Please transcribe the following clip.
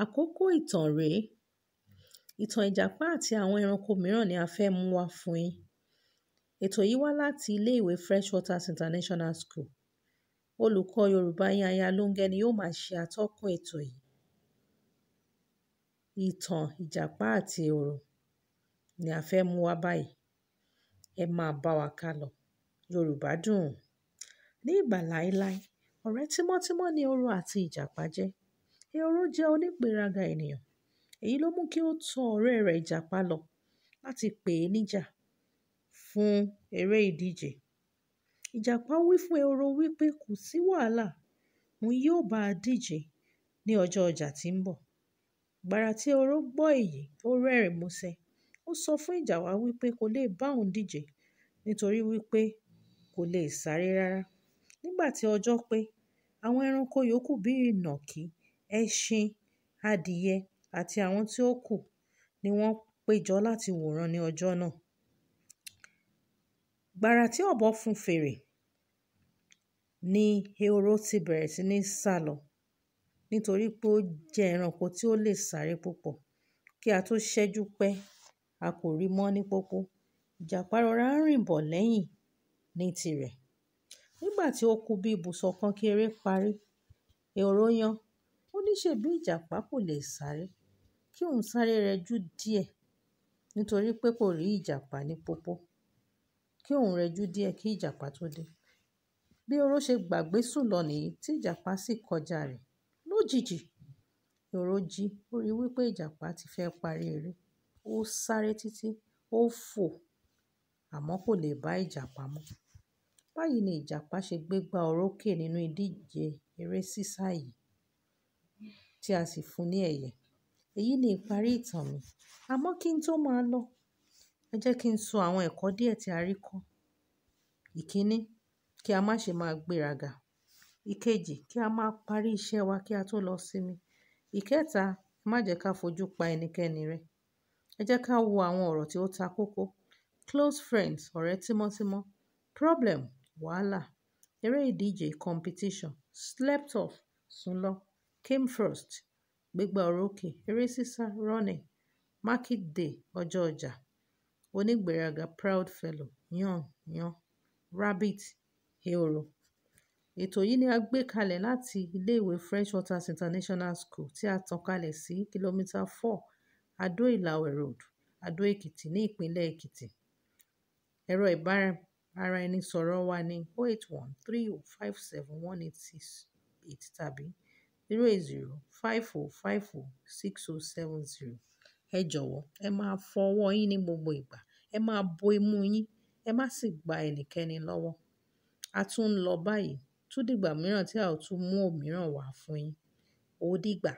Àkókò ìtàn rè. Ìtàn Ìjàpá àti àwọn ẹranko mìíràn ni a fẹ́ mú wá fún yín. Ètò yìí wá láti ilé Freshwaters International School. Olùkọ́ Yorùbá yín Ayalóńgẹ́ ni yóò máa ṣe atọ́kùn ètò yìí. Ìtàn Ìjàpá àti ehoro ni a fẹ́ mú wá báyìí. Ẹ máa bá wa kálọ. Yorùbá dùn. Ní ìgbà láéláé, ọ̀rẹ́ tímọ́tímọ́ ni ehoro àti Ìjàpá jẹ́. Ehoro jẹ́ onígbéraga ènìyàn, èyí ló mú kí ó tọ ọ̀rẹ́ rẹ̀ Ìjàpá lọ láti pè é níjà fún eré ìdíje. Ìjàpá wí fún ehoro wípé kò sí wàhálà, òun yóò bá a díje ní ọjọ́ ọjà tí ń bọ̀. Gbàrà tí ehoro gbọ́ èyí, ó rẹ́rìn músẹ́. Ó sọ fún Ìjàpá wípé kò lè bá òun díje nítorí wípé kò lè sáré rárá. Nígbà tí ọjọ́ pé, àwọn ẹranko yòókù bí ìnàkí ẹṣin, adìẹ àti àwọn tí ó kù ni wọ́n péjọ láti wòran ní ọjọ́ náà. Gbàrà tí ọ̀bọ fún fèrè ni ehoro ti bẹ̀rẹ̀ sí ní sálọ nítorí pé ó jẹ́ ẹranko tí ó lè sáré púpọ̀. Kí a tó ṣẹ́jú pé a kò rí mọ́ ní pópó. Ìjàpá ń rìn bọ̀ lẹ́yìn ní tirẹ̀. Nígbà tí ó ku bí ibùsọ̀ kan kí parí, ehoro yan ní ṣèbí ìjàpá kò lè sáré kí òun sáré rẹjú díẹ̀ nítorí pé kò rí ìjàpá ní pópó kí òun rẹjú díẹ̀ kí ìjàpá tó dé bí oró ṣe gbàgbé sùn lọ nìyí tí ìjàpá sì kọjá rẹ̀ lójijì oró jí ó rí wípé ìjàpá ti fẹ́ parí eré ó sáré títí ó fò àmọ́ kò lè bá ìjàpá mọ́ báyìí ni ìjàpá ṣe gbégbá orókè nínú ìdíje eré sísá yìí tí a sì fún ní ẹ̀yẹ. Èyí ni ìparí ìtàn mi. Àmọ́ kí n tó máa lọ, ẹ jẹ́ kí n sọ àwọn ẹ̀kọ́ díẹ̀ tí a rí kọ́. Ìkíni, kí a má ṣe máa gbéraga. Ikeji, kí a máa parí iṣẹ́ wa kí a tó lọ sinmi. Ìkẹta, má jẹ́ ká fojú pa ẹnikẹ́ni rẹ́. Ẹ jẹ́ ká wo àwọn ọ̀rọ̀ tí ó ta kókó. Close friends, ọ̀rẹ́ tímọ́tímọ́. Problem, wàhálà. Eré ìdíje, competition. Slept off, sùn lọ came first gbégbá orókè eré sísá running market day ọjọ́ ọjà onígbéraga proud fellow yàn-yàn rabbit ehoro. Ètò yìí ni a gbé kalẹ̀ láti iléèwé Freshwaters International School tí a tàn kálẹ̀ sí kìlómítà 4 Adó Ìlàwẹ̀ Road, Adó Èkìtì ní ìpínlẹ̀ Èkìtì. Ẹ̀rọ ìbáraẹnisọ̀rọ̀ wa ni 081 30571868 tàbí zero eight zero five four five four six oh seven zero. ẹ jọ̀wọ́ ẹ máa fọ ọwọ́ yín ní gbogbo ìgbà ẹ máa bo imú yín ẹ má sì gba ẹnikẹ́ni lọ́wọ́ a tún ń lọ báyìí tún dìgbà mìíràn tí a ó tún mú òmíràn wá fún yín ó dìgbà.